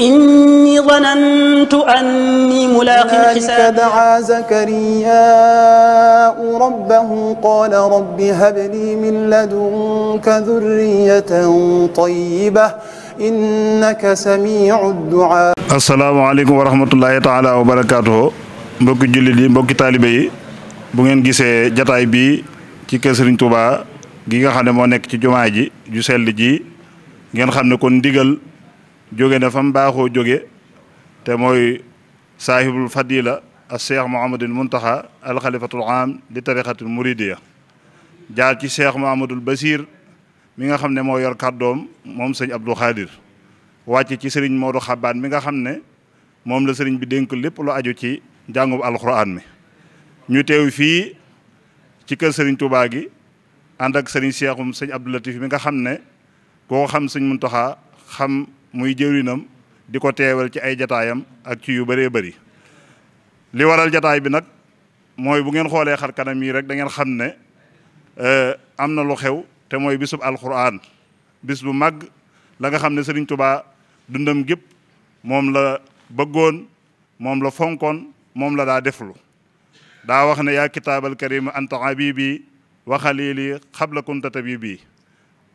إني ظننت أني ملاق حسابي دعا زكرياء ربه قال رب هب لي من لدنك ذرية طيبة إنك سميع الدعاء السلام عليكم ورحمة الله تعالى وبركاته mbokki jullit yi mbokki taalibe yi bu ngeen gisee jataay bi ci kër Serigne Touba gi nga xam ne moo nekk ci jumaa ji ju sell ji ngeen xam ne kon ndigal jóge na fa mu baaxoo jóge te mooy saahibul fadila al cheikh mohamadul muntaxa alxalifatul am di tarixatul muridiya jaar ci cheikh mohamadul basir mi nga xam ne moo yor kàddoom moom sëñ abdou xaadir ci sëriñ moodu mi nga xam ne moom la sëriñ bi dénk lépp lu aju ci njàngub alxuraan mi ñu teew fii ci kër sëriñ tubaa gi ànd ak sëriñ seexum sëñ abdou latif mi nga xam ne koo xam sëñ muntaxa xam muy jëwrinam di ko teewal ci ay jataayam ak ci yu bëree bari li waral jataay bi nag mooy bu ngeen xoolee xar kanam yi rek da ngeen xam ne euh, am na lu xew te mooy bisub alquran bis bu màgg la nga xam ne Sëriñ Tubaa dundam gépp moom la bëggoon moom la fonkoon moom la daa deflu daa wax ne yaa kitaabal karim anta abibi wa xalili la kunta tabibi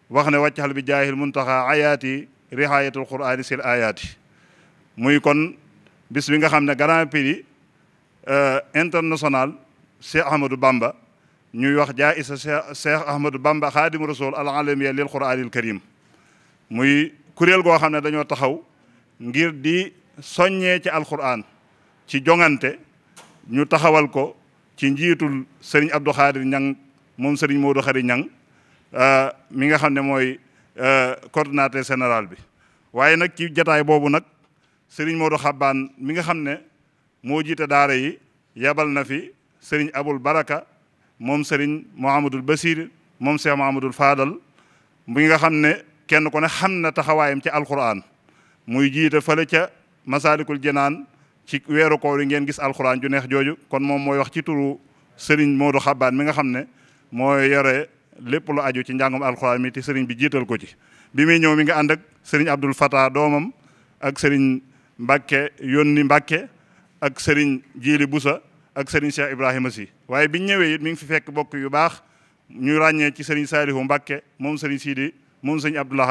wax ne wàccaxal bi jaahil muntaxa ayaati rihayatul qur'ani sil ayaati muy kon bis bi nga xam ne grand prix euh, international Cheikh Ahmadou Bamba ñuy wax jaa isa Cheikh Ahmadou Bamba xaadim rasul al alamiya lil qur'anil karim muy kuréel goo xam ne dañoo taxaw ngir di soññee ci alquran ci jongante ñu taxawal ko ci njiitul sëriñ Abdou Khadir Ñang moom sëriñ Modou Khari Ñang euh, mi nga xam ne mooy Euh, coordinateur général bi waaye nag ci jataay boobu nag sëriñ Modou Xabbaan mi nga xam ne moo jiita daara yi yabal na fi sëriñ Abul Baraka moom sëriñ Mouhamadul Basir moom Cheikh Mouhamadul Fadal mi nga xam ne kenn ku ne xam na taxawaayam ci alquran muy jiite fale ca Masaalikul Jinaan ci weeru koor yi ngeen gis alquran ju neex jooju kon moom mooy wax ci turu sëriñ Modou Xabbaan mi nga xam ne mooy yore lépp lu ajo ci njàngum alxuraan mi te sëriñ bi jiital ko ci bi muy ñëw mi nga ànd ak sëriñ Abdul Fatah doomam ak sëriñ Mbacke yónni Mbacke ak sëriñ Jili Busa ak sëriñ Cheikh Ibrahima si waaye biñ ñëwee it mi ngi fi fekk bokk yu baax ñu ràññee ci sëriñ Saalihu Mbacke moom sëriñ Sidi moom sëriñ Abdou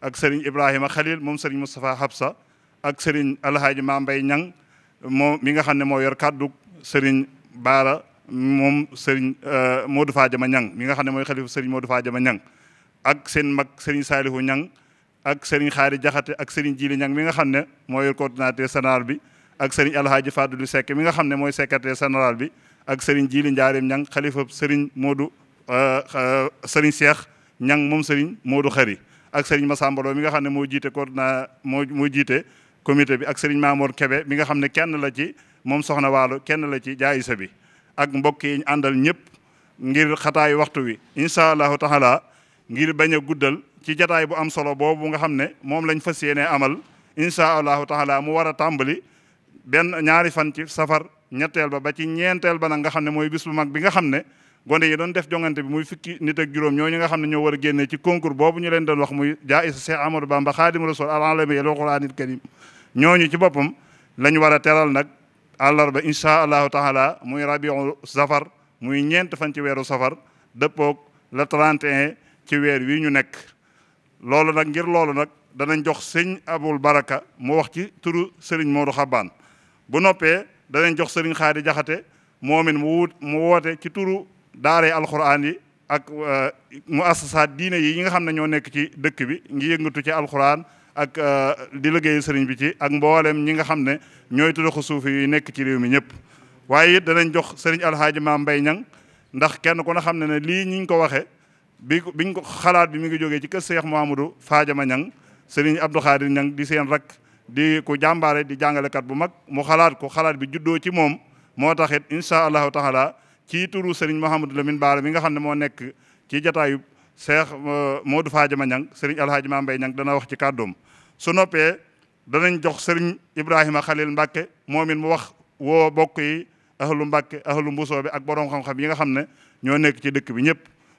ak sëriñ Ibrahima Khalil moom sëriñ Moustapha Habsa ak sëriñ ma mbay Ñang moo mi nga xam ne moo yor kàddu sëriñ Baara moom sëriñ euh, Modou Fadiama Niang mi nga xam ne mooy xalifa sëriñ Modou Fadiama Niang ak seen mag sëriñ Saalihu ñang ak sëriñ Xaari Jaxate ak sëriñ Jili Niang mi nga xam ne mooy yor coordinateur général bi ak sëriñ Alhaaji Fadulu Seck mi nga xam ne mooy secrétaire général bi ak sëriñ Jili Njaareem Niang xalifa sëriñ Modou euh, euh, sëriñ Cheikh Niang moom sëriñ Modou Xari ak sëriñ Massambaloo mi nga xam ne moo jiite coordina moo moo jiite comité bi ak sëriñ Mamour Kebe mi nga xam ne kenn la ci moom soxna Waalo kenn la ci jaayisa bi ak mbokk yi ñu àndal ñëpp ngir xataay waxtu wi incha allahu taala ngir bañ a guddal ci jataay bu am solo boobu nga xam ne moom lañ fas yéenee amal incha allahu taala mu war a tàmbali benn ñaari fan ci safar ñetteel ba ba ci ñeenteel ba nag nga xam ne mooy bis bu mag bi nga xam ne gone yi doon def jongante bi muy fukki nit ak juróom ñooñu nga xam ne ñoo war a génnee ci concours boobu ñu leen doon wax muy jaa'is Cheikh Amadou Bamba Xaadimu Rasuul al-aalami al war a teral nag àllarba incha allah taala muy rabiu safar muy ñeent fan ci weeru safar dëppoog le 31 ci weer wi ñu nekk loolu nag ngir loolu nag danañ jox sëñ abul baraka mu wax ci turu sëriñ Modou xaban bu noppee danañ jox sëriñ xaari jaxate moomin mu wut mu woote ci turu daaree alxuraan yi ak euh, mu assasaat diine yi yi nga xam ne ñoo nekk ci dëkk bi ngi yëngatu ci alxuraan ak euh, di liggéeyal sëriñ bi ci ak mboolem ñi nga xam ne ñooy tudoxu suufi yu nekk ci réew mi ñëpp waaye it danañ jox sëriñ alxaaji maam mbay ñang ndax kenn ku ne xam ne ne lii ñiñ ko waxe bi biñ ko xalaat bi mi ngi jógee ci kër seex Muhammadu Faajama ñang sëriñ Abdou Xaadir ñang di seen rak di ku jàmbaare di jàngalekat bu mag mu xalaat ko xalaat bi juddoo ci moom moo tax it incha allahu taala ci turu sëriñ Mouhamadou Lamine Baara mi nga xam ne moo nekk ci jataayu seex euh, Modou Faajama ñang sëriñ alxaaji ma mbay ñang dana wax ci kàddoom su noppee danañ jox sëriñ Ibrahima Khalil Mbacke moom it mu wax woo bokk yi ahlu Mbacke ahlu mbusoo bi ak borom xam-xam yi nga xam ne ñoo nekk ci dëkk bi ñëpp.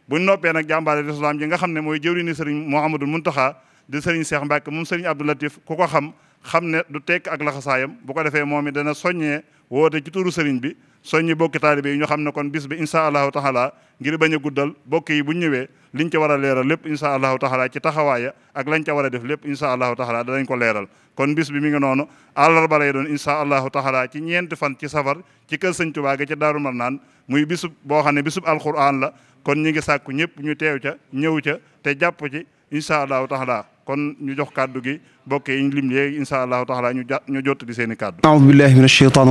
buñ noppee nag jàmbaare lislaam ji nga xam ne mooy jëwriñu sëriñ Mouhamadul Muntaxa di sëriñ Cheikh Mbacke moom sëriñ Abdou Latif ku ko xam xam ne du tekk ak laxasaayam bu ko defee moom it dana soññee woote ci turu sëriñ bi. soññi bokki taalibe yi ñu xam ne kon bis bi insha allahu taala ngir bañ a guddal bokk yi bu ñu ñëwee liñ ca war a leeral lépp incha allahu taala ci taxawaaya ak lañ ca war a def lépp incha allahu taala danañ ko leeral kon bis bi mi ngi noonu àllarba lay doon incha allahu taala ci ñeenti fan ci safar ci kër sëñ Tuubaa ga ca Daaru naan muy bisub boo xam ne bisub alquran la kon ñi ngi sàkku ñëpp ñu teew ca ñëw ca te jàpp ci incha allahu taala kon ñu jox kàddu gi bokk yi ñu lim léegi incha allahu taala ñu jot ñu jot di seen i kàddu. aoudu billahi min acheytaan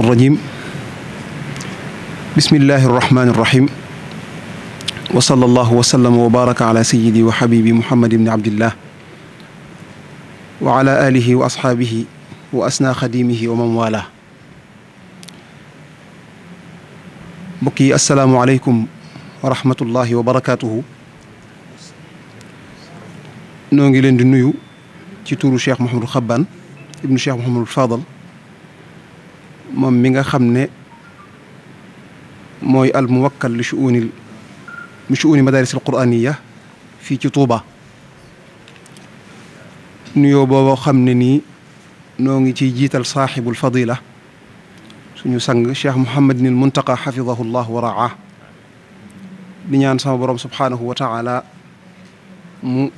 bismillahi irrahmani irrahim wa sallallahu wa sallama wa baraka ala sayidi wa xabibi muhammad ibni abdillah wa ala alihi wa asxaabihi wa asna xadimihi wa man wala mbokk yi asalaamualeykum wa rahmatullahi wa barakatuhu noo ngi leen di nuyu ci tuuru cheikh Mouhamadou Xabbaan ibnu cheikh Mouhamadou Fadal moom mi nga xam ne mooy al muwakkal li shuuni li shuuni fii ci Touba nuyoo booba xam ne nii noo ngi ciy jiital saaxibul fadila suñu sang cheikh Mouhamadinil Muntaqa xafidahu llah wa raa di ñaan sama borom subhaanahu wa taala mu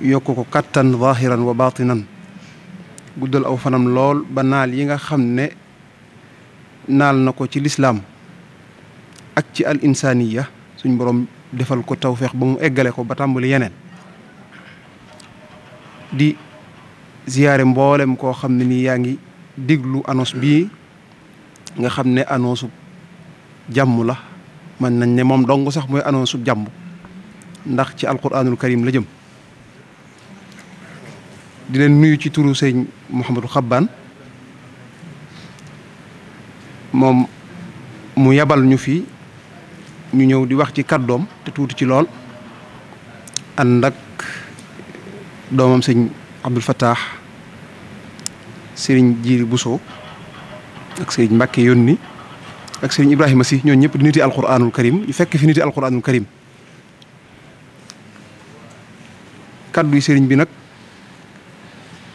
yokk ko kattan zahiran wa batinan guddal aw fanam lool ba naal yi nga xam ne naal na ko ci lislaam ak ci al insaaniya suñ boroom defal ko tawféex ba mu eggale ko ba tàmbali yeneen di ziyaare mboolem koo xam ne nii yaa ngi diglu annonce bii nga xam ne annonce jàmm la man nañ ne moom dong sax mooy annonce jàmm ndax ci alquranul karim la jëm di leen nuyu ci turu sëñ Mouhamadou Xabbaan moom mu yabal ñu fii ñu ñëw di wax ci kàddoom te tuuti ci lool ànd ak doomam sëñ Abdul Fattah sëriñ Jiiri Bousso ak sëriñ Mbàkke yónni ak sëriñ Ibrahima si ñooñu ñëpp di niti alquranul karim ñu fekk fi niti alquranul karim kaddu yi sëriñ bi nag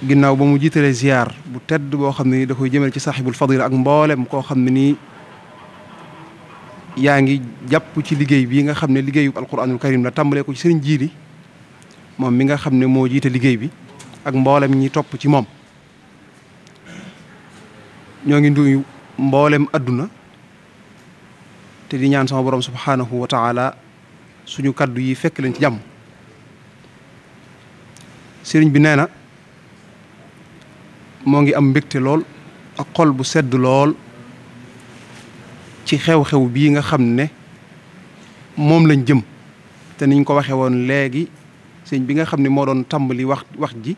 ginnaaw ba mu jiitalee ziar bu tedd boo xam ne ni da koy jëmel ci saaxibul fadila ak mbooleem koo xam ne nii yaa ngi jàpp ci liggéey bi nga xam ne liggéeyu alquranul karim la tàmbalee ko ci sëriñ jiili moom mi nga xam ne moo jiite liggéey bi ak mbooleem ñi topp ci moom ñoo ngi nuyu mboolem adduna te di ñaan sama borom subhaanahu wa taala suñu kàddu yi fekk leen ci jàmm sëriñ bi nee na moo ngi am mbégte lool ak xol bu sedd lool ci xew-xew bii nga xam ne moom lañ jëm te niñ ko waxee woon léegi sëñ bi nga xam ne moo doon tàmbali wax wax ji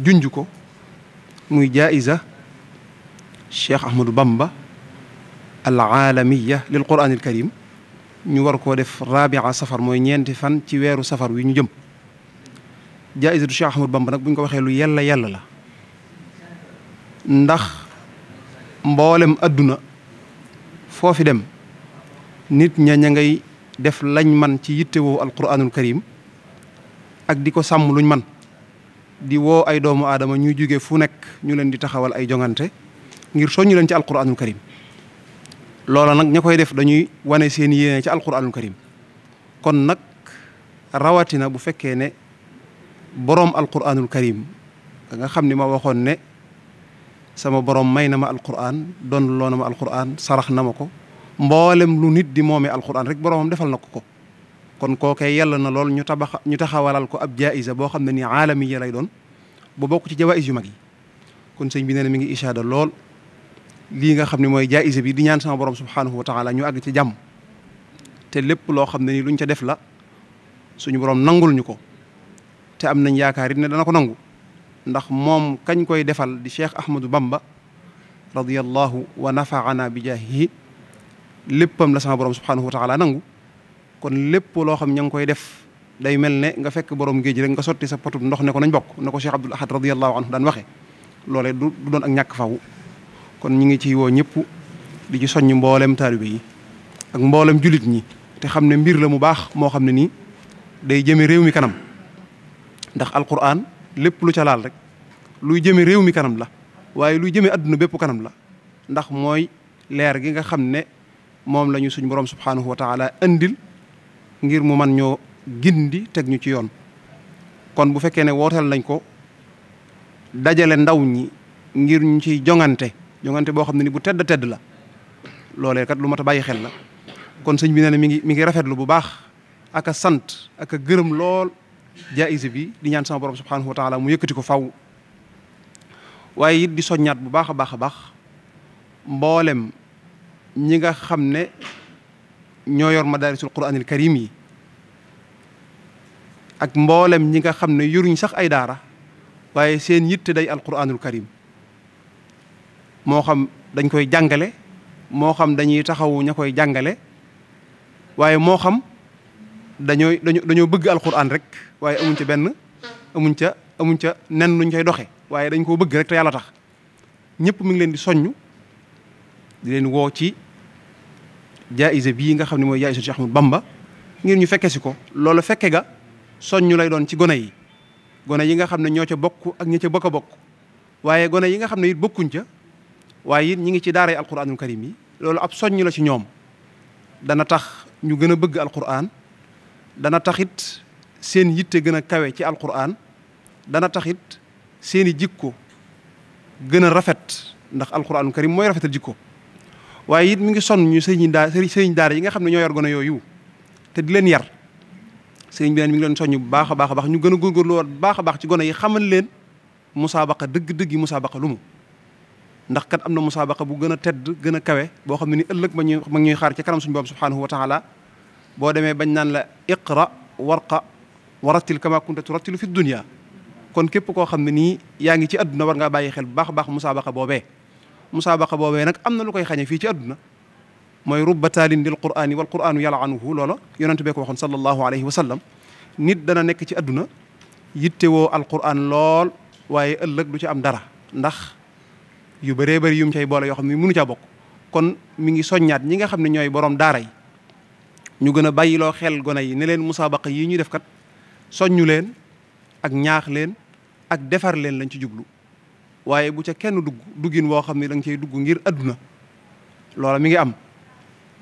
junj ko muy jaaiza cheikh ahmadou bamba al aalamiya lil quran al karim ñu war koo def rabia safar mooy ñeenti fan ci weeru safar wi ñu jëm jaaisatu cheikh ahmadou bamba nag bu ko waxee lu yàlla yàlla la ndax mboolem adduna foofi dem nit ña ña ngay def lañ man ci yittewoo alquranul karim ak di ko sàmm luñ man di woo ay doomu aadama ñuy jóge fu nekk ñu leen di taxawal ay jongante ngir soññu leen ci alquranul karim loola nag ña koy def dañuy wane seen yéene ci alquranul karim kon nag rawatina bu fekkee ne boroom alquranul karim nga xam ni ma waxoon ne sama borom may na ma alquran doon loo na ma alquran sarax na ma ko mboolem lu nit di moomee alquran rek boromam defal na ko ko kon kookee yàlla na lool ñu tabax ñu taxawalal ko ab jaayisa boo xam ne nii aalamiya lay doon bu bokk ci jawaïs yu mag yi kon sëñ bi nee na mi ngi ishaada lool lii nga xam ne mooy jaayisa bi di ñaan sama borom subhanahu wa taala ñu àgg ci jàmm te lépp loo xam ne nii luñ ca def la suñu borom nangul ñu ko te am nañ yaakaar it ne dana ko nangu ndax moom kañ koy defal di cheikh ahmadou bamba radiyallahu wa nafaana bi jaahihi léppam la sama borom subhanahu wa taala nangu kon lépp loo xam ña ngi koy def day mel ne nga fekk borom géej rek nga sotti sa potub ndox ne ko nañ bokk na ko cheikh abdul ahad radiyallahu anhu daan waxe loolee du doon ak ñàkk faw kon ñu ngi ci woo ñëpp di ci soññ mboolem taalibe yi ak mboolem julit ñi te xam ne mbir la mu baax moo xam ne nii day jëme réew mi kanam ndax alquran lépp lu ca laal rek luy jëme réew mi kanam la waaye luy jëme adduna bépp kanam la ndax mooy leer gi nga xam ne moom la ñu suñu borom subhaanahu wa taala andil ngir mu man ñoo gindi teg ñu ci yoon kon bu fekkee ne wooteel nañ ko dajale ndaw ñi ngir ñu ciy jongante jongante boo xam ne ni bu tedd tedd la loolee kat lu mat a bàyyi xel la kon sëñ bi nee na mi ngi mi ngi rafetlu bu baax ak sant ak gërëm lool jaayise bi di ñaan sama borom subhanahu wa taala mu yëkkati ko faw waaye it di soññaat bu baax a baax a baax mboolem ñi nga xam ne ñoo yor madaarisul quraanil karim yi ak mboolem ñi nga xam ne yoruñ sax ay daara waaye seen yitte day alquranul karim moo xam dañ koy jàngale moo xam dañuy taxawu ña koy jàngale waaye moo xam dañooy dañoo dañoo bëgg alxuraan rek waaye amuñ ca benn amuñ ca amuñ ca nen luñ koy doxe waaye dañ koo bëgg rek te yàlla tax ñëpp mi ngi leen di soññ di leen woo ci jaayise bii nga xam ne mooy jaayise Cheikh Ahmadou Bamba ngir ñu fekke si ko loolu fekke ga soññ lay doon ci gone yi gone yi nga xam ne ñoo ca bokk ak ñi ca bokk bokk waaye gone yi nga xam ne it bokkuñ ca waaye it ñi ngi ci daaray alquranul karim yi loolu ab soññu la ci ñoom dana tax ñu gën a bëgg alquran dana taxit seen yitte gën a kawe ci alquran dana taxit seen i jikko gën a rafet ndax alquranul karim mooy rafetal jikko waaye it mu ngi sonn ñu sëriñ daa sëriñ daar yi nga xam ne ñoo yor gone yooyu te di leen yar sëriñ bi neen mu ngi leen soññ bu baax a baax a baax ñu gën a góorgóorlu baaxa baax ci gone yi xamal leen musaabaqa dëgg-dëgg yi musaabaqa lu mu ndax kat am na musaabaqa bu gën a tedd gën a kawe boo xam ne ni ëllëg ma ñuy ma xaar ci kanam suñu borom subhanahu wa taala boo demee bañ naan la iqra warqa warattil kama kunta turattilu fi dunya kon képp koo xam ne nii yaa ngi ci adduna war ngaa bàyyi xel bu baax a baax musaabaqa boobee musaabaqa boobe nag am na lu koy xañee fii ci adduna mooy rubba taalin lil qur'aani wal qur'aanu yal'anuhu loola yonent bee ko waxoon sallallahu alayhi wa sallam nit dana nekk ci adduna yittewoo alqur'aan lool waaye ëllëg du ci am dara ndax yu bëree bëri yum cay boole yoo xam ne mënu caa bokk kon mi ngi soññaat ñi nga xam ne ñooy borom daara yi ñu gën a bàyyiloo xel gone yi ne leen musaabaqa yii ñuy def kat soññu leen ak ñaax leen ak defar leen lañ ci juglu waaye bu ca kenn dugg duggin woo xam ne danga nga dugg ngir adduna loola mi ngi am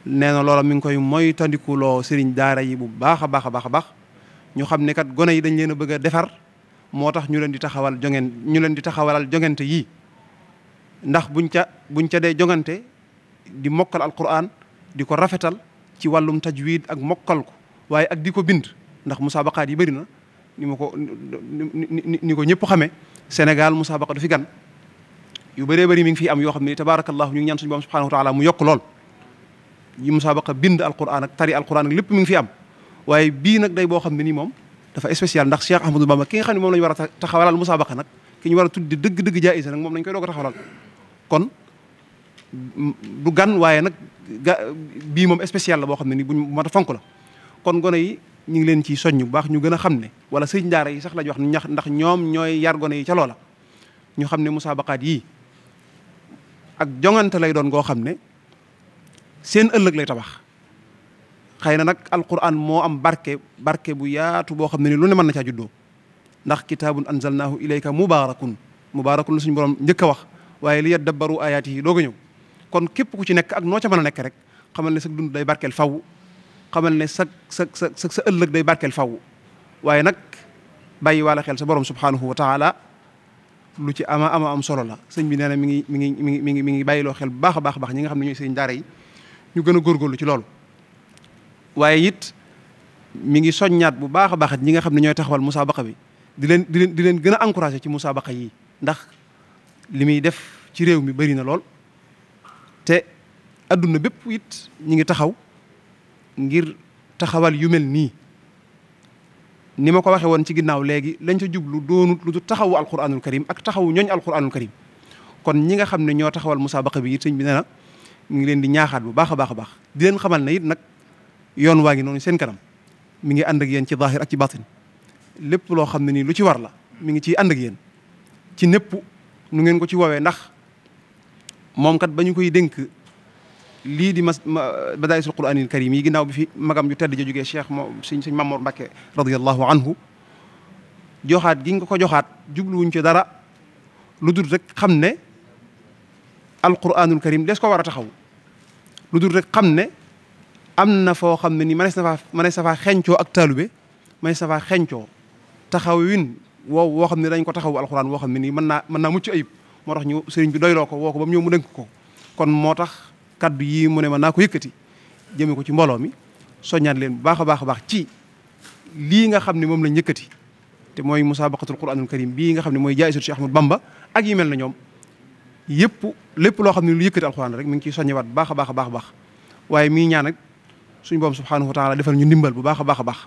nee na loola mi ngi koy loo sëriñ daara yi bu baax a baax a baax a baax ñu xam ne kat gone yi dañ leen a bëgg defar moo tax ñu leen di taxawal jongen ñu leen di taxawalal jongante yii ndax buñ ca buñ ca dee jongante di mokkal alquran di ko rafetal ci wàllum tajwid ak mokkal ko waaye ak di ko bind ndax musaabaqaat yi bëri na ni ma ko ni ko ñëpp xamee Sénégal musaabaqa du fi gan yu bëree bëri mi ngi fiy am yoo xam ne tabaarakallahu ñu ngi ñaan suñu borom subhanahu wa taala mu yokk lool yi musaabaqa bind alquran ak tari alquran ak lépp mi ngi fi am waaye bii nag day boo xam ne nii moom dafa spécial ndax Cheikh Ahmadou Bamba ki nga xam ne moom la ñu war a taxawalal musaabaqa nag ki ñu war a tuddi dëgg-dëgg jaayisa nag moom lañ koy doog a taxawalal kon waaye nag ga bii moom spécial la boo xam ne ni buñ mat a fonk la kon gone yi ñu ngi leen ci soññ bu baax ñu gën a xam ne wala sëñ daara yi sax lañu wax ñax ndax ñoom ñooy yar gone yi ca loola ñu xam ne musaabaqaat yii ak jongante lay doon goo xam ne seen ëllëg lay tabax xëy na nag alquran moo am barke barke bu yaatu boo xam ne ni lu ne mën na caa juddoo ndax kitaabun anzalnaahu mu mubaarakun mu la suñu borom njëkk a wax waaye li yadabbaru ayaati yi dooga ñëw kon képp ku ci nekk ak noo ca mën a nekk rek xamal ne sa dund day barkeel faw xamal ne sa sa sa sa ëllëg day barkeel faw waaye nag bàyyi waala xel sa borom subhanahu wa taala lu ci ama ama am solo la sëñ bi nee na mi ngi mi ngi mi ngi mi ngi mi ngi bàyyiloo xel bu baax a baax baax ñi nga xam ne ñooy sëñ daara yi ñu gën a góorgóorlu ci loolu waaye it mi ngi soññaat bu baax a baax ñi nga xam ne ñooy taxawal musaabaqa bi di leen di leen di leen gën a encouragé ci musaabaqa yi ndax li muy def ci réew mi bari na lool te adduna bépp it ñi ngi taxaw ngir taxawal yu mel nii ni ma ko waxee woon ci ginnaaw léegi lañ ca jublu doonut lu taxawu alquranul karim ak taxawu ñooñ alquranul karim kon ñi nga xam ne ñoo taxawal musaabaqa bi it sëñ bi nee na ñu ngi leen di ñaaxaat bu baax a baax a baax di leen xamal ne it nag yoon waa ngi noonu seen kanam mi ngi ànd ak ci zaahir ak ci batin lépp loo xam ne nii lu ci war la mi ngi ciy ànd ak ci népp nu ngeen ko ci woowee ndax moom kat ba ñu koy dénk lii di mas badaa'isul quraanil karim yi ginnaaw bi fi magam ju tedd ja jógee cheikh moom sëñ sëñ Mamoor Mbàkke radiyallahu anhu joxaat gi nga ko joxaat jubluwuñ ci dara lu dul rek xam ne alquraanul karim des ko war a taxaw lu dul rek xam ne am na foo xam ne nii mënees na faa mënees na faa xencoo ak taalube mënees na faa xencoo taxawin woo woo xam ne dañ ko taxaw alquran woo xam ne nii mën na mën naa mucc ayib moo tax ñu sëriñ bi doyloo ko woo ko ba mu ñëw mu dénk ko kon moo tax kaddu yi mu ne ma naa ko yëkkati jëme ko ci mbooloo mi soññaat leen bu baax a baax a baax ci lii nga xam ne moom lañ yëkkati te mooy musabaqatul quranul karim bii nga xam ne mooy jaayisatu Cheikh Ahmadou Bamba ak yi mel na ñoom yëpp loo xam ne lu yëkkati alxuraan rek mi ngi ciy soññewaat bu baax a baax a baax waaye mii ñaan nag suñu borom subhanahu wa taala defal ñu ndimbal bu baax baax a baax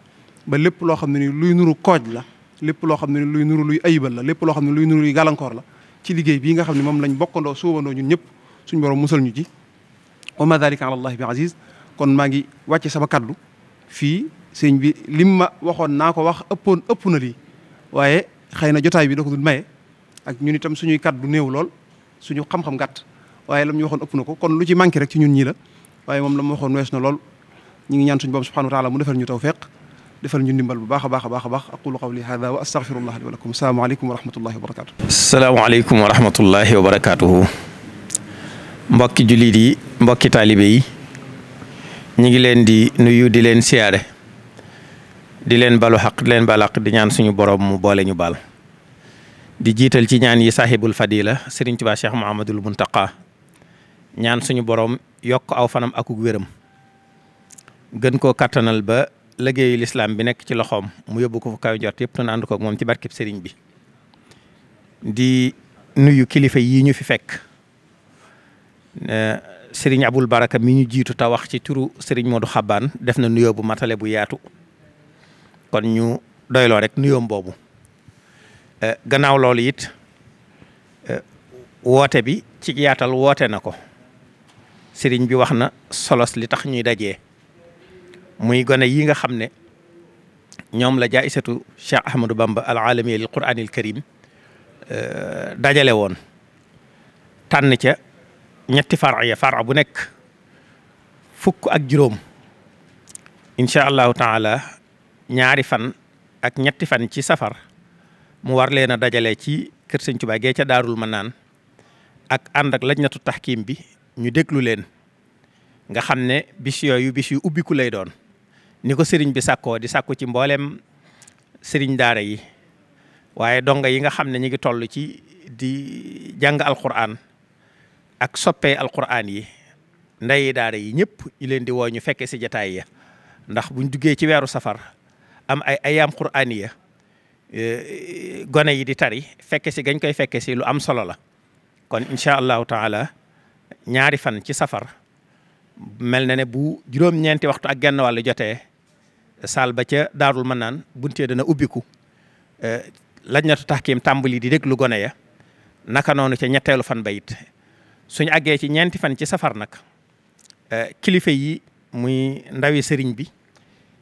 ba lépp loo xam ne ni luy nuru kooj la lépp loo xam ne ni luy nuru luy ayibal la lépp loo xam ne luy nuru luy gàllankoor la ci liggéey bii nga xam ne moom lañ bokkandoo suubandoo ñun ñëpp suñu borom musal ñu ji wa ma dalika ala allahi bi aziz kon maa ngi wàcce sama kaddu fii sëñ bi lim ma waxoon naa ko wax ëppoon ëpp na lii waaye xëy na jotaay bi da ko dul maye ak ñun itam suñuy kaddu néew lool suñu xam-xam gàtt waaye lam ñu waxoon ëpp ko kon lu ci manqué rek ci ñun ñii la waaye moom la ma waxoon wees na lool ñu ngi ñaan suñu borom subhanahu wa taala mu defal ñu tawfeex defal ñu ndimbal bu baax a baax a baax a baax aqulu qawli hada wa astaghfirullah li wa lakum salaamaaleykum wa rahmatullahi wa barakaatu. salaamaaleykum mbokki jullit yi mbokki taalibe yi ñu ngi leen di nuyu di leen siyaare di leen balu xaq di leen balu xaq di ñaan suñu borom mu boole ñu baal. di jiital ci ñaan yi sahibul fadila Serigne Touba Cheikh Mouhamadul Muntaqa ñaan suñu borom yokk aw fanam akuk wéram gën koo kattanal ba. liggéeyu lislaam bi nekk ci loxoom mu yóbbu ko fu kaw jot yëpp te ànd ko ak moom ci barkeb sëriñ bi di nuyu kilifa yii ñu fi fekk eh, sëriñ Abul Baraka mi ñu jiitu te wax ci turu sëriñ Modou Xabaan def na nuyoo bu matale bu yaatu kon ñu doyloo rek nuyoom boobu eh, gannaaw loolu it eh, woote bi ci yaatal woote na ko sëriñ bi wax na solos li tax ñuy daje muy gone yii nga xam ne ñoom la jaaisatu Cheikh Ahmadou Bamba al alamiya lil quraanil karim euh, dajale woon tànn ca ñetti fara ya fara bu nekk fukk ak juróom incha allahu taala ñaari fan ak ñetti fan ci safar mu war leen a dajale ci kër Sëñ Tuubaa gee ca daarul ma naan ak ànd ak lajnatu taxkiim bi ñu déglu leen nga xam ne bis yooyu bis yu ubbiku lay doon ni ko sëriñ bi sàkkoo di sàkku ci mboolem sëriñ daara yi waaye donga yi nga xam ne ñu ngi toll ci di jàng alquran ak soppee alquran yi ndeyi daara yi ñëpp ñu leen di woo ñu fekkee si jataay ya ndax buñ duggee ci weeru safar am ay ayaam quraan ya eh, gone yi di tari fekke si gañ koy fekke si lu am solo la kon incha allahu taala ñaari fan ci safar mel na ne bu juróom-ñeenti waxtu ak genn wàllu jotee saal ba ca daarul mën naan buntee dana ubbiku eh, lajnatu taxkiim tàmbali di déglu gone ya naka noonu ca ñetteelu fan ba suñ suñu àggee ci ñeenti fan ci safar nag eh, kilifa yi muy ndawi sëriñ bi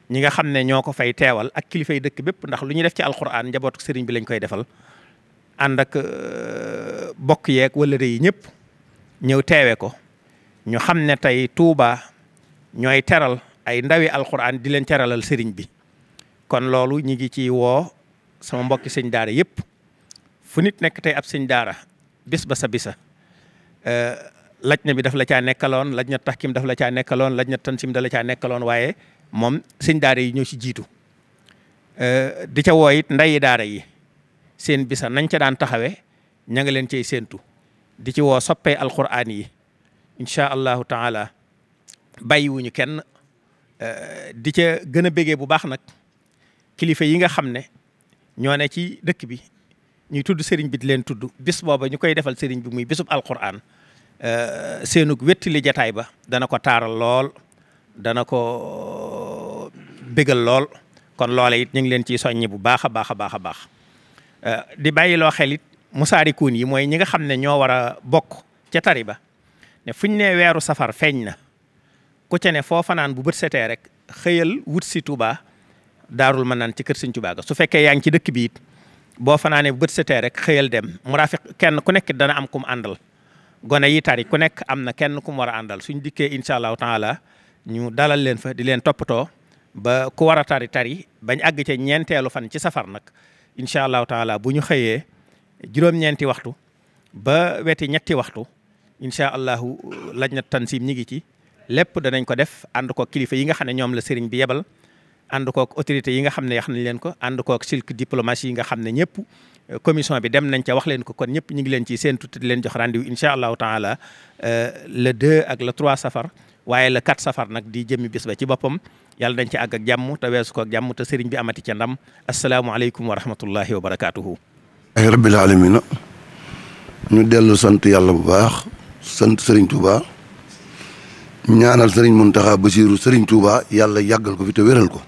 ñi nga xam ne ñoo ko fay teewal ak kilifa yi dëkk bépp ndax lu ñu def ci alxuraan njabootu sëriñ bi lañ koy defal ànd ak eh, bokk yeeg wala yi ñëpp ñëw teewee ko ñu xam ne tey Tuuba ñooy teral ay ndawi alxuraan di leen teralal sëriñ bi kon loolu ñi ngi ci woo sama mbokki sëñ daara yëpp fu nit nekk tey ab sëñ daara bis ba sa bisa laj na bi daf la caa nekkaloon laj na kim daf la caa nekkaloon laj na tansim da la caa nekkaloon waaye moom sëñ daara yi ñoo ci jiitu di ca woo it ndayi daara yi seen bisa nañ ca daan taxawee ña nga leen cey séentu di ci woo soppee alquraan yi incha allahu taala bàyyiwuñu Euh, di ca gën a bégee bu baax nag kilifa yi nga xam ne ñoo ne ci dëkk bi ñuy tudd sëriñ bi di leen tudd bis booba ñu koy defal sëriñ bi muy bisub alquran euh, seenug wettili jataay ba dana ko taaral lool dana ko euh, bégal lool kon loola it ñu ngi leen ci soññi bu baax a baax a baax a baax di bàyyiloo xel it yi mooy ñi nga xam ne ñoo war a bokk ca tari ba ne fuñ ne weeru safar feeñ na ku ca ne foo fanaan bu bët setee rek xëyal wut si Touba daarul mën naan ci kër Sëñ Touba ga su fekkee yaa ngi ci dëkk bi boo fanaanee bu bët setee rek xëyal dem muraafiq kenn ku nekk dana am kum àndal gone yi tari ku nekk am na kenn kum war a àndal suñ dikkee incha allahu taala ñu dalal leen fa di leen toppatoo ba ku war a tari tari bañ àgg ca ñeenteelu fan ci safar nag incha allahu taala bu ñu xëyee juróom-ñeenti waxtu ba weti ñetti waxtu incha allahu laj na tansim ngi ci lépp danañ ko def ànd kook kilifa yi nga xam ne ñoom la sëriñ bi yebal ànd kook autorité yi nga xam ne wax nañ leen ko ànd kook silk diplomatie yi nga xam ne ñëpp euh, commission bi dem nañ ca wax leen ko kon ñëpp ñu ngi leen ci seen tuuti di leen jox rendez-vous incha allahu taala euh, le 2 ak le trois safar waaye la 4 safar nag di jëmmi bis ba ci boppam yàlla dañ ci àgg ak jàmm te weesu ko ak jàmm te bi amati ca ndam asalaamualeykum wa rahmatullahi wa barakaatuhu. ay rabbil alamina ñu dellu sant yàlla bu baax sant sëriñ Touba. ñaanal sëriñ Muntaxa Basiiru sëriñ Touba yàlla yàggal ko fi te wéral ko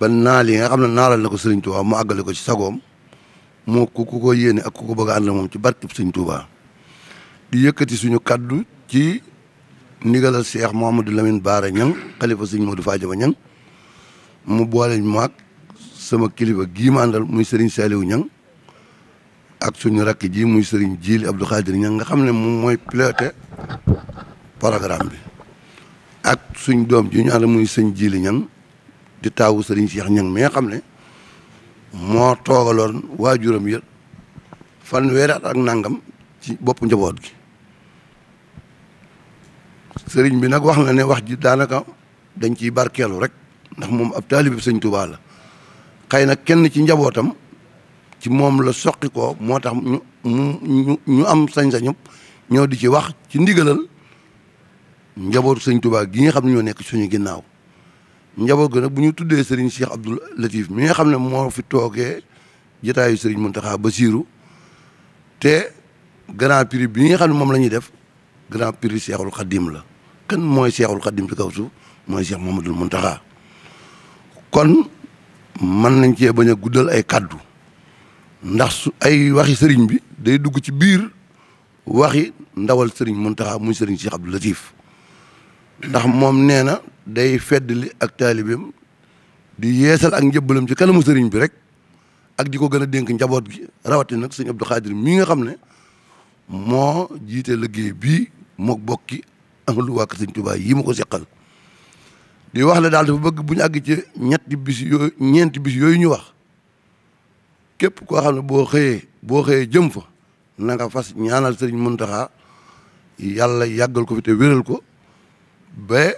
ba naal yi nga xam ne naalal na ko sëriñ Touba mu àggale ko ci sagoom moo ku ku ko yéene ak ku ko bëgg a ànd moom ci barkeb sëriñ Touba di yëkkati suñu kaddu ci ndigalal Cheikh Mouhamadou Lamine Baara Ñang xalifa sëriñ Modou Fadiama Ñang mu boole maag sama kilifa gii mu àndal muy sëriñ Saliou Ñang ak suñu rakk jii muy sëriñ Jili Abdou Khadir nga xam ne moom mooy pilote programme bi ak suñ doom ji ñu ànd muy sëñ Jili ñang di taawu sëriñ Cheikh ñang mi nga xam ne moo toogaloon waajuram yë fanweeri at ak nangam ci boppu njaboot gi sëriñ bi nag wax na ne wax ji daanaka dañ ciy barkeelu rek ndax moom ab taalibe sëñ Tuubaa la xëy na kenn ci njabootam ci moom la soqi ko moo tax ñu ñu am sañ-sañu ñoo di ci wax ci ndigalal njabootu sëñ Tuubaa gi nga xam ne ñoo nekk suñu ginnaaw njaboot ga nag bu ñu tuddee Serigne Cheikh Abdoul Latif mi nga xam ne moo fi toogee jotaayu Serigne Mountakha Bassirou te grand prix bi nga xam ne moom la ñuy def grand prix Cheikhul Khadim la kan mooy Cheikhul Khadim ci kaw suuf mooy Cheikh Mouhamadoul Mountakha kon mën nañ cee bañ a guddal ay kaddu ndax su ay waxi Serigne bi day dugg ci biir waxi ndawal Serigne Mountakha muy Serigne Cheikh Abdoul ndax moom nee na day feddli ak taalibeem di yeesal ak njëbbalam ci kanamu sëriñ bi rek ak di ko gën a dénk njaboot gi rawatina nag sëñ Abdou Khadir nga xam ne moo jiite liggéey bii mook bokki ak lu wàkk sëñ Tuubaa yi ma ko seqal di wax la daal dafa bëgg bu ñu àgg ci ñetti bis yooyu ñeenti ñu wax képp koo xam ne boo xëyee boo xëyee jëm fa na nga fas ñaanal sëriñ Muntaxa yàlla yàggal ko fi te wéral ko ba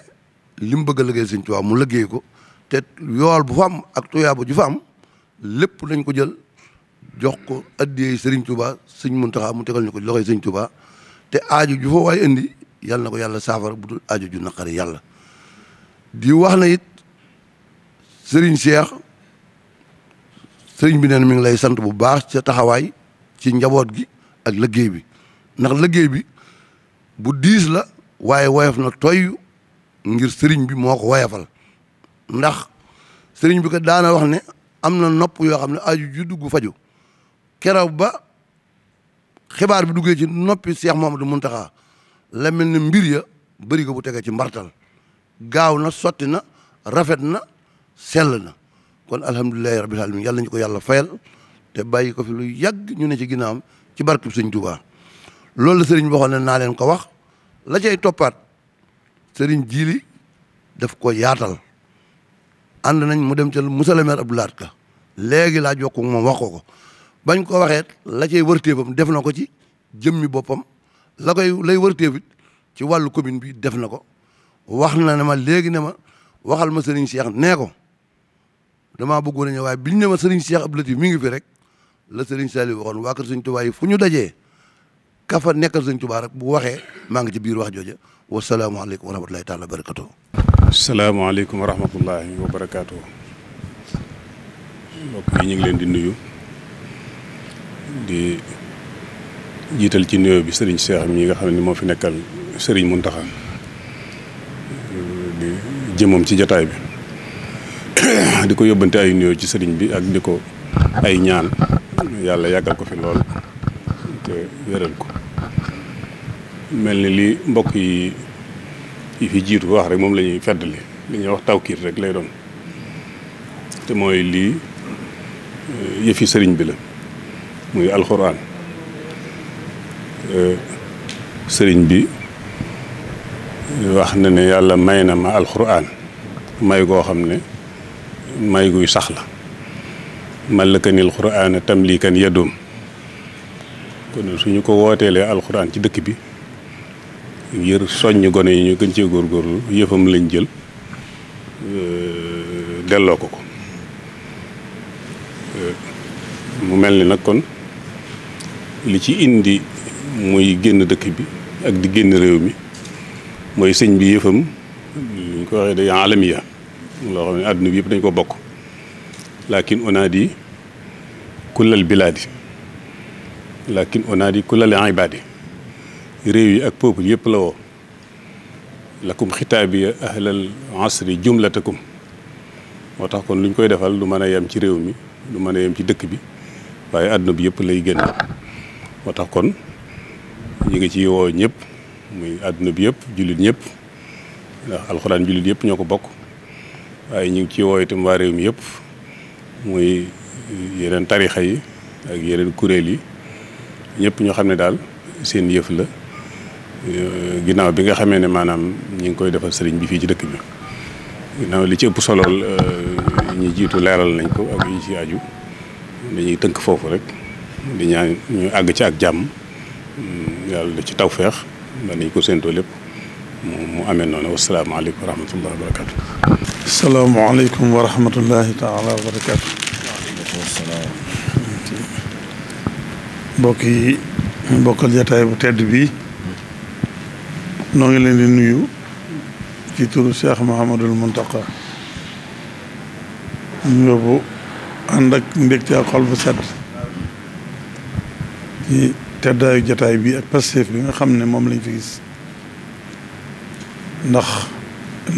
li mu bëgg a liggéey sëñ mu liggéey ko te yool bu fa am ak tuyaaba ju fa am lépp dañ ko jël jox ko addiyee sëriñ Tuubaa sëñ Muntaxa mu tegal ñu ko loxoy sëñ Tuubaa te aaju ji fa waay indi yàlla na ko yàlla saafara bu dul aaju ju naqari yàlla di wax na it sëriñ Cheikh sëriñ bi neen mi ngi lay sant bu baax ca taxawaay ci njaboot gi ak liggéey bi ndax liggéey bi bu diis la waaye woyof na toyyu ngir sëriñ bi moo ko woyafal ndax sëriñ bi ko daana wax ne am na nopp yoo xam ne aju ju dugg faju keroog ba xibaar bi duggee ci noppi Cheikh Mouhamadou Mountakha la mel ne mbir ya ko bu tege ci mbartal gaaw na sotti na rafet na sell na kon alhamdulilahi rabbil alamin yàlla ñu ko yàlla fayal te bàyyi ko fi lu yàgg ñu ne ci ginnaawam ci barkeb sëñ Tuubaa loolu la sëriñ bi waxoon ne naa leen ko wax la cay toppaat sëriñ Jili def ko yaatal ànd nañ mu dem ca monsieur le maire Abdoulaye Ka léegi laa jokk moom wax ko ko bañ ko waxee la cay wërteefam def na ko ci jëmmi boppam la koy lay wërteef it ci wàllu commune bi def na ko wax na ne ma léegi ne ma waxal ma sëriñ Cheikh nee ko damaa bëggoon a ñëw waaye biñ ne ma sëriñ Cheikh Abdou Latif mi ngi fi rek la sëriñ Saliou waxoon waa kër sëriñ Tuubaa fu ñu dajee ka fa nekkal sëriñ Tuubaa rek bu waxee maa ngi ci biir wax jooja wasalaamaaleykum wa rahmatulahi taala wa barakatu. salaamaaleykum wa yi ñu ngi leen di nuyu di jiital ci nuyoo bi sëriñ Cheikh mi nga xam ne moo fi nekkal Serigne Mountakha di jëmam ci jataay bi di ko yóbbante ay nuyoo ci sëriñ bi ak di ko ay ñaan yàlla yàggal ko fi lool te wéral ko. mel ni lii mbokk yi yi fi jiitu wax rek moom lañuy ñuy li ñuy wax taw tawkiir rek lay doon te mooy lii eh, yëfi sëriñ bi la muy alxuraan eh, sëriñ bi eh, wax na ne yàlla may na ma alxuraan may goo xam ne may guy sax la malakanil xuraana tamlikan yadoom kon suñu ko wooteelee alxuraan ci dëkk bi ngir soññ gone yi ñu gën cee góorgóorlu yëfam lañ jël euh, delloo ko ko euh, mu mel ni nag kon li ci indi muy génn dëkk bi ak di génn réew mi mooy sëñ bi yëfam li ñu ko waxee day alamiya loo xam ne àdduna bi yëpp dañ ko bokk lakin onaadi kullal bilaadi lakin onaadi kullal ibaadi réew yi ak peuple yëpp la woo lakum xitaabiya ahlal asri jumlatakum moo tax kon lu ñu koy defal lu mën a yem ci réew mi lu mën a yem ci dëkk bi waaye àdduna bi yëpp lay génn moo tax kon ñu ngi ci woo ñépp muy àdduna bi yëpp jullit ñëpp ndax alxuraan jullit yëpp ñoo ko bokk waaye ñu ngi ci woo itam waa réew mi yëpp muy yeneen tarixa yi ak yeneen kuréel yi ñëpp ñoo xam ne daal seen yëf la Euh, ginnaaw bi nga xamee ne maanaam ñi ngi koy defal sëriñ bi fii ci dëkk bi ginnaaw li ci ëpp solo euh, ñi jiitu leeral nañ ko ak yi ci aju dañuy tënk foofu rek di ñaa ñu àgg ci ak jàmm mm, yàlla da ci tawféex danañ ko séentoo lépp mu amee noonu wasalaamaaleykum wa rahmatullahi wa barakaatu. salaamaaleykum wa rahmatullahi wa barakaatu. mbokk yi bokkal jataay bu tedd bi noo leen di nuyu ci turu Cheikh Mouhamadul Mountakha nuyoo bu ànd ak mbégte ak xol bu set ci teddaayu jataay bi ak Pastef bi nga xam ne moom lañ fi gis ndax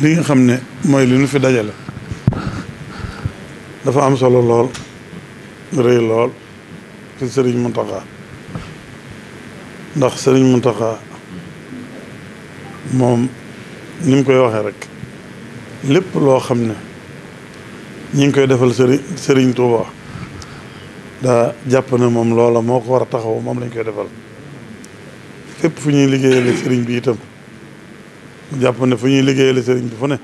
li nga xam ne mooy li ñu fi dajale dafa am solo lool rëy lool ci Serigne Mountakha ndax Serigne Mountakha moom ni koy waxee rek lépp loo xam ne ñi ngi koy defal sëriñ sëriñ Touba daa jàpp ne moom loola moo ko war a taxaw moom lañ koy defal fépp fu ñuy liggéeyale sëriñ bi itam mu jàpp ne fu ñuy liggéeyale sëriñ bi fu ne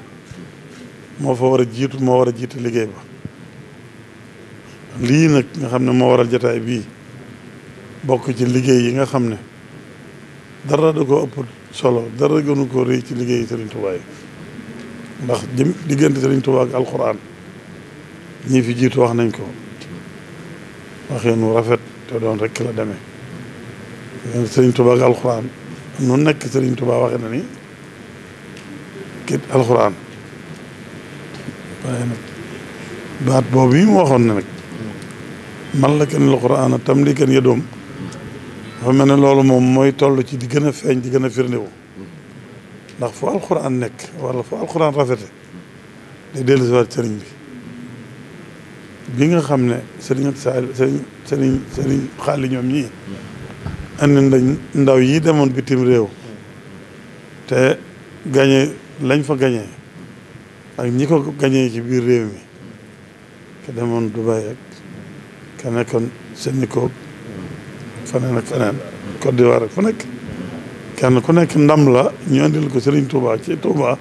moo fa war a jiitu moo war a jiitu liggéey ba lii nag nga xam ne moo waral jataay bii bokk ci liggéey yi nga xam ne dara da ko ëpp solo dara gënu ko rëy ci liggéey Serigne Touba ndax jëm diggante Serigne Touba ak alxuraan ñii fi jiitu wax nañ ko waxee nu rafet te doon rek la demee diggante Serigne Touba ak alxuraan nu nekk Serigne Touba waxee na ni kit alxuraan waaye nag baat boobu yi mu waxoon na nag man la kenn alxuraan tam li kenn yëdoom dafa mel ne loolu moom mooy toll ci di gën a feeñ di gën a firndewu ndax fu alxuraan nekk wala fu alxuraan rafete day dellusiwaat sëriñ bi bi nga xam ne sëriñ Saal sëriñ sëriñ sëriñ xaali ñoom ñii andi ndaw yi demoon bitim réew te gañe lañ fa gañee ak ñi ko gañee ci biir réew mi ke demoon Dubaay ak ka nekkoon Sénégal faneen ak faneen Côte d'Ivoire fu nekk kenn ku nekk ndam la ñu indil ko Serigne Touba ci Touba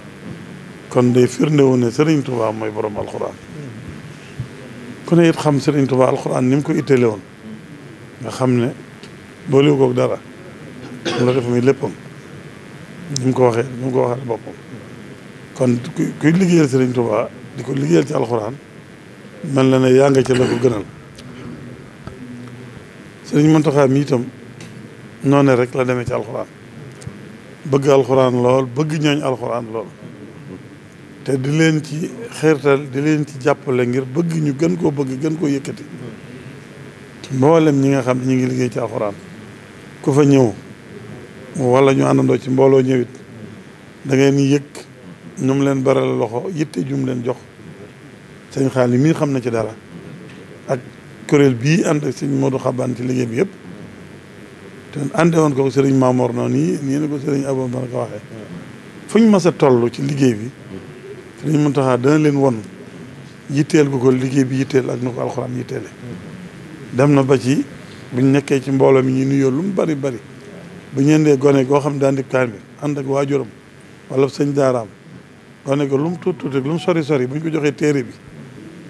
kon day firnde wu ne Serigne Touba mooy borom alxuraan ku ne it xam Serigne Touba alxuraan ni mu ko ittale woon nga xam ne boole koog dara mu la def muy léppam ni ko waxee ni ko waxee boppam kon kuy liggéeyal Serigne Touba di ko liggéeyal ci alxuraan mel na ne yaa nga ca la ko gënal. sëriñ Mountakha mi itam noonu rek la demee ci alxuraan bëgg alxuraan lool bëgg ñooñ alxuraan lool te di leen ci xeertal di leen ci jàppale ngir bëgg ñu gën koo bëgg gën koo yëkkati mboolem ñi nga xam ne ñu ngi liggéey ci alxuraan ku fa ñëw wala ñu àndandoo ci mbooloo ñëwit da ngeen yëg ñu mu leen baral loxo yitte ju leen jox sëñ xaalis mii xam na ci dara ak kuréel bii ànd ak sëñ Modou Xabaan ci liggéey bi yëpp te ànde woon ko sëriñ Maamoor noonu nii nii na ko sëriñ Abou Baraka waxee fu ñu mas a ci liggéey bi sëriñ Muntaxa dana leen won yitteel gu ko liggéey bi yitteel ak na ko alxuraan yitteele dem na ba ci buñ nekkee ci mbooloo mi ñu nuyoo lu mu bari bari bu ñeendee gone goo xam daan di kaamil ànd ak waajuram wala sëñ daaraam gone ko lu mu tuut tuut lu mu sori sori bu ñu ko joxee téere bi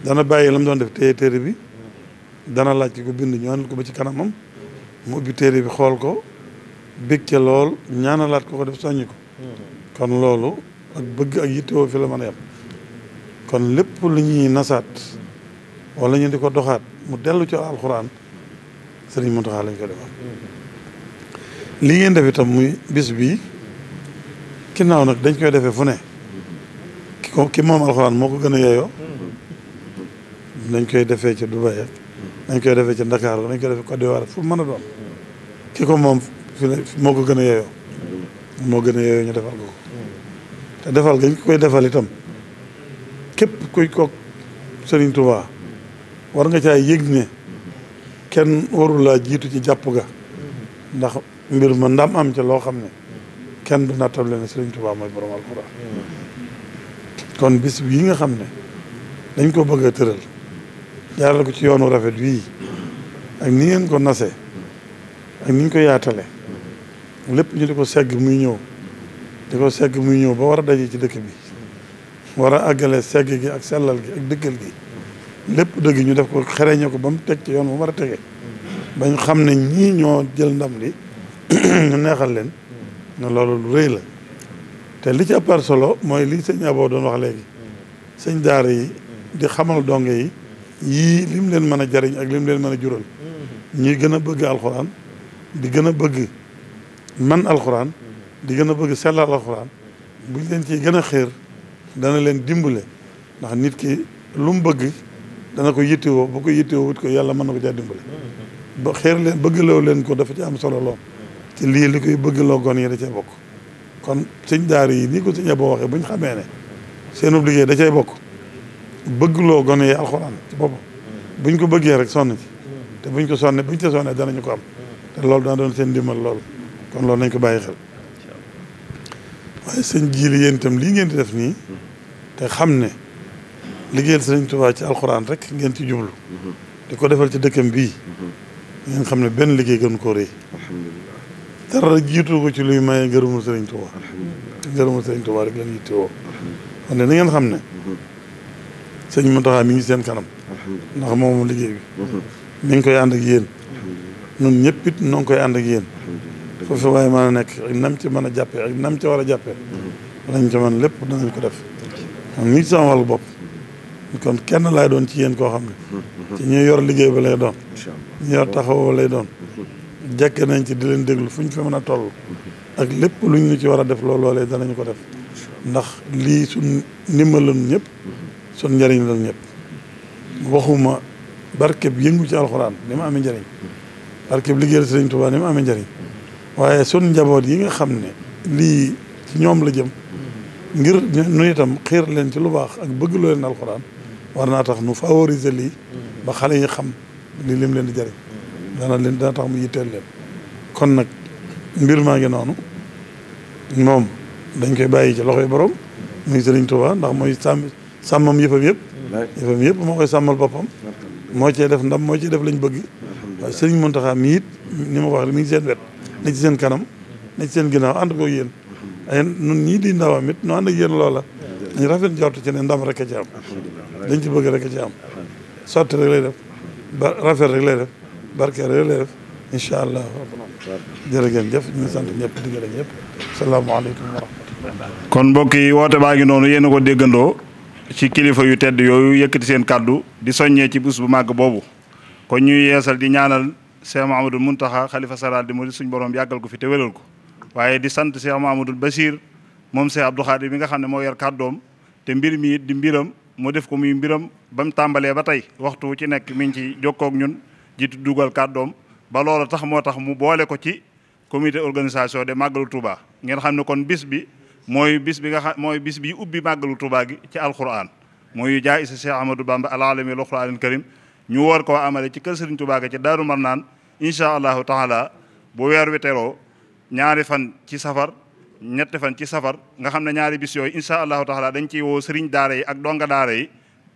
dana bàyyi la doon def téye téere bi dana laaj ko bind ñu andil ko ba ci kanamam mu ubbi téere bi xool ko bég ca lool ñaanalaat ko ko def soññi ko kon loolu ak bëgg ak yittewoo fi la mën a yem kon lépp lu ñuy nasaat wala ñu di ko doxaat mu dellu ci alxuraan sëriñ Mountakha lañ ko defal li ngeen def itam muy bis bii ginnaaw nag dañ koy defee fu ne ki ko ki moom alxuraan moo ko gën a yeyoo dañ koy defee ci Dubaay dañ koy defee ci Dakar nañ koy defee Côte d'Ivoire fu mën a doon ki ko moom moo ko gën a yeyoo moo gën a yeyoo ñu defal ko te defal gañ koy defal itam képp kuy kook Serigne war nga caa yëg ne kenn warul laa jiitu ci jàpp ga ndax mbir ma ndam am ca loo xam ne kenn du nattam leen Serigne Touba mooy borom alxuraan kon bis yi nga xam ne dañ ko bëgg a tëral jaarale ko ci yoonu rafet wii ak ni ngeen ko nase ak ni ñu ko yaatale lépp ñu di ko segg muy ñëw di ko segg muy ñëw ba war a daje ci dëkk bi war a àggale segg gi ak sellal gi ak dëggal gi lépp dëgg ñu def ko xereñe ko ba mu teg ci yoon mu war a tege ba ñu xam ne ñii ñoo jël ndam li ñu neexal leen ne loolu lu rëy la te li ci ëppar solo mooy li sëñ aboo doon wax léegi sëñ daara yi di xamal donge yi yii lim leen mën a jariñ ak lim leen mën a jural ñuy gën a bëgg alxuraan di gën a bëgg man alxuraan di gën a bëgg sellal alxuraan buñ leen ci gën a xéer dana leen dimbale ndax nit ki lu mu bëgg dana ko yittewoo bu ko yittewoo wut ko yàlla mën na ko caa dimbale ba xéer leen bëggloo leen ko dafa ci am solo lool te lii li koy loo gon yi da cee bokk kon sëñ daara yi nii ko sëñ Abo waxee ñu xamee ne seenub liggéey da cay bokk bëggloo gone yi alxuraan ci boppam buñ ko bëggee rek sonn ci te buñ ko sonnee buñ te sonnee danañu ko am te loolu dana doon seen ndimbal loolu kon loolu nañ ko bàyyi xel waaye seen jiili yéen itam lii ngeen di def nii te xam ne liggéeyal Sëriñ Tuubaa ci alxuraan rek ngeen ci jublu di ko defal ci dëkkam bii ngeen xam ne benn liggéey gën koo rëy dara jiitu ko ci luy maye ngërëmu Sëriñ Tuubaa ngërëmu Sëriñ Tuubaa rek lañuy yittewoo kon ne na sëñ Mountakha mi ngi seen kanam ndax moomu liggéey bi mm-hmm. mi ngi koy ànd ak yéen ñun ñëpp it koy ànd ak yéen foofu waaye mën a nekk ak nam ci mën a jàppee ak nam ci war a jàppee mm-hmm. lañ ci mën lépp danañ ko def man mi sama wàllu bopp mm-hmm. kon kenn laay doon ci yéen koo xam ne ci ñuy yor liggéey bi lay doon ñu yor taxawoo lay doon jekk nañ ci di leen déglu fu ñu fi mën a toll ak lépp lu ñu ci war a def looloo lay danañu ko def ndax lii suñ ndimbalun ñëpp son njariñ la ñëpp waxuma barkeb yëngu ci alxuraan ni mu amee njëriñ barkeb liggéeyal sëriñ Tuubaa ni mu amee njëriñ waaye sun njaboot yi nga xam ne lii ci ñoom la jëm ngir nu itam xiir leen ci lu baax ak bëgg loo leen alxuraan war naa tax nu favoriser lii ba xale yi xam lii lim leen di jëriñ dana leen dana tax mu yitteel leen kon nag mbir maa ngi noonu moom dañ koy bàyyi ci loxoy borom muy sëriñ Tuubaa ndax mooy sàmm sàmmam yëfam yëpp yëpp moo koy sàmmal boppam moo cee def ndam moo ci def lañu bëgg waaye Serigne Mountakha mii it ni ma ko waxee mi ngi seen wet ne seen kanam ne seen ginaaw ànd ko yéen ay ñii di ndawam it nu ànd ak yéen loola dañu rafet njort ci ne ndam rek a ci am dañ ci bëgg rek a ci am sotti rek lay def ba rafet rek lay def barke rek lay def jëf ñu sant ñëpp digale salaamaaleykum kon mbokk yi woote baa ngi noonu yéen a ko déggandoo ci kilifa yu tedd yooyu yëkkati seen kàddu di soññee ci bus bu màgg boobu kon ñuy yeesal di ñaanal Cheikh mun Muntaxa xalifa saral di murid suñ borom yàggal ko fi te wéral ko waaye di sant Cheikh Mahamadul Basir moom Cheikh Abdou Khadir mi nga xam ne moo yor kàddoom te mbir mi it di mbiram mu def ko muy mbiram ba mu tàmbalee ba tey waxtu ci nekk mi ngi ci jokkook ñun jiitu dugal kàddoom ba loolu tax moo tax mu boole ko ci comité organisation de màggalu Touba ngeen xam kon bis bi mooy bis bi nga xam mooy bis bi ubbi màggalu Tuubaa ci ci alquran mooy jaay isa Cheikh Ahmadou Bamba alalami alquran karim ñu war ko amale ci kër Sëriñ Tuubaa ga ci Daaru Marnaan incha allahu taala bu weer wi teroo ñaari fan ci safar ñetti fan ci safar nga xam ne ñaari bis yooyu incha allahu taala dañ ciy woo sëriñ daara yi ak donga daara yi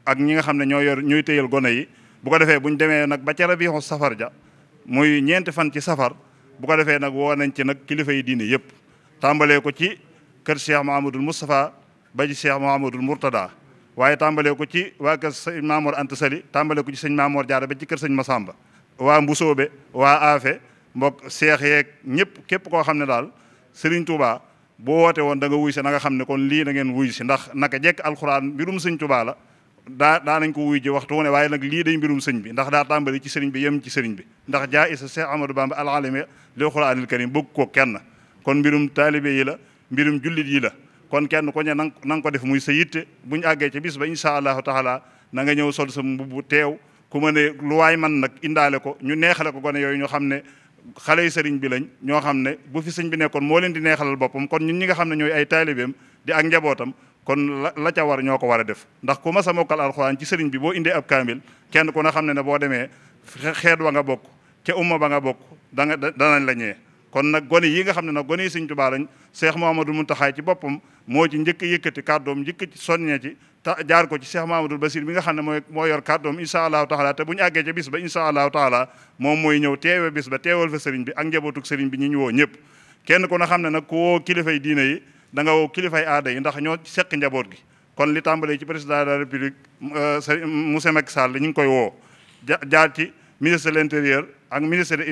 ak ñi nga xam ne ñoo yor ñooy téyal gone yi bu ko defee buñ demee nag ba bi rabiixu safar ja muy ñeenti fan ci safar bu ko defee nag woo nañ ci nag kilifa yi diine yëpp tàmbalee ko ci kër Cheikh Mouhamadul Moustapha ba ci Cheikh Mouhamadul Mourtada waaye tàmbale ko ci waa kër sëñ Maamor Anta Sali tàmbale ko ci sëñ Maamor Jaara ba ci kër sëñ Masamba waa Mbusoobe waa Afe mbokk seex yeeg ñëpp képp koo xam ne daal Serigne Touba boo woote woon da nga wuy si na nga xam ne kon lii na ngeen wuy si ndax naka jekk alxuraan mbirum sëñ Touba la daa daa nañ ko wuy ji waxtu ne waaye nag lii day mbirum sëñ bi ndax daa tàmbali ci sëriñ bi yem ci sëriñ bi ndax jaa isa Cheikh Amadou Bamba al alimi li kenn kon mbirum taalibe yi la mbirum jullit yi la kon kenn ko ne na nga ko def muy sa yitte bu ñu àggee ci bis ba incha allahu taxalaa na nga ñëw sol sa mbubb teew ku ma ne lu man nag indaale ko ñu neexale ko gone yooyu ñu xam ne xale yi sëriñ bi lañ ñoo xam ne bu fi sëñ bi nekkoon moo leen di neexalal boppam kon ñun ñi nga xam ne ñooy ay taalibeem di ak njabootam kon la ca war ñoo ko war a def ndax ku ma sa mokkal alxuraan ci sëriñ bi boo indee ab kaamil kenn ku na xam ne ne boo demee wa nga bokk ca umma ba nga bokk danga danañ la ñee kon nag gone yi nga xam ne nag gone yi sëñ Tuubaa lañ Cheikh Mouhamadou Mountakha ci boppam moo ci njëkk yëkkati kàddoom njëkk ci soññee ci ta jaar ko ci Cheikh Mouhamadou Basir bi nga xam ne mooy moo yor kàddoom incha allahu taala te bu ñu àggee ca bis ba incha allahu taala moom mooy ñëw teewe bis ba teewal fa sëriñ bi ak njabootug sëriñ bi ñi ñu woo ñëpp kenn ku na xam ne nag ku kilifay diine yi da nga woo kilifay aada yi ndax ñoo seq njaboot gi kon li tàmbalee ci président de la république euh, monsieur Macky Sall ñu ngi koy woo jaar ci ministre de l'intérieur ak ministre de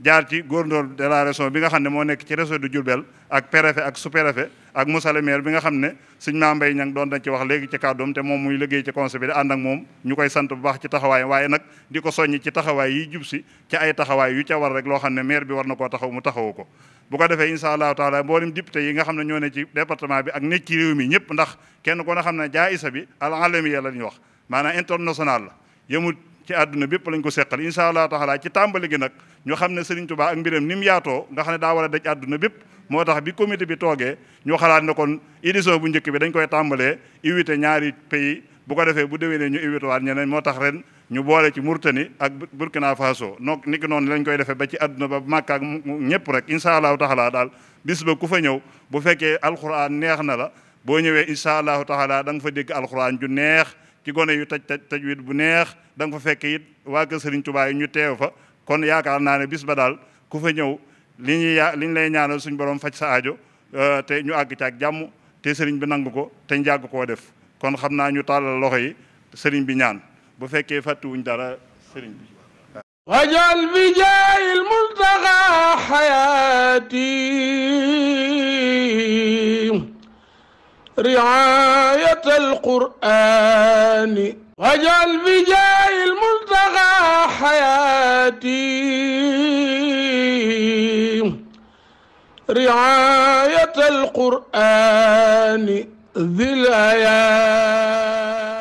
jaar ci gouverneur de la région bi nga xam ne moo nekk ci réseau du Diourbel ak préfet ak sous-préfet ak monsieur maire bi nga xam ne suñ Mame Mbaye Niang doon dañ ci wax léegi ci kàddoom te moom muy liggéey ci conseil bi di ànd moom ñu koy sant bu baax ci taxawaay waaye nag di ko soññ ci taxawaay yi jub si ay taxawaay yu ca war rek loo xam ne maire bi war na koo taxaw mu taxawu ko bu ko defee incha allahu taala mboolem député yi nga xam ne ñoo ne ci département ak nekk ci réew mi ñëpp ndax kenn ko na ne jaa isa bi al alamiya la ñuy wax maanaam international la ci àdduna bépp lañ ko seqal incha allah taala ci tàmbali gi nag ñu xam ne Serigne Touba ak mbiram ni mu yaatoo nga xam ne daa war daj àdduna bépp moo tax bi comité bi toogee ñu xalaat ne kon édition bu njëkk bi dañ koy tàmbalee invité ñaari pays bu ko defee bu déwénee ñu invité waan ñeneen moo tax ren ñu boole ci Mauritanie ak Burkina Faso donc niki noonu lañ koy defee ba ci àdduna ba Makka ak ñëpp rek incha allahu taxalaa daal bis ba ku fa ñëw bu fekkee alxuraan neex na la boo ñëwee incha allahu taala da nga fa dégg alxuraan neex. ci gone yu taj taj taj wit bu neex da nga fa fekk it waa kër Serigne Touba ñu teew fa kon yaakaar naa ne bis ba daal ku fa ñëw li li lay ñaanal suñ borom faj sa aajo euh, te ñu àgg ci ak jàmm te sëriñ bi nangu ko te ñu ko def kon xam naa ñu tàllal loxo yi sëriñ bi ñaan bu fekkee fàttiwuñ dara sëriñ bi wajal bi jaayil muntaxa xayaati رعاية القرآن واجعل بجاه الملتقى حياتي رعاية القرآن ذي الآيات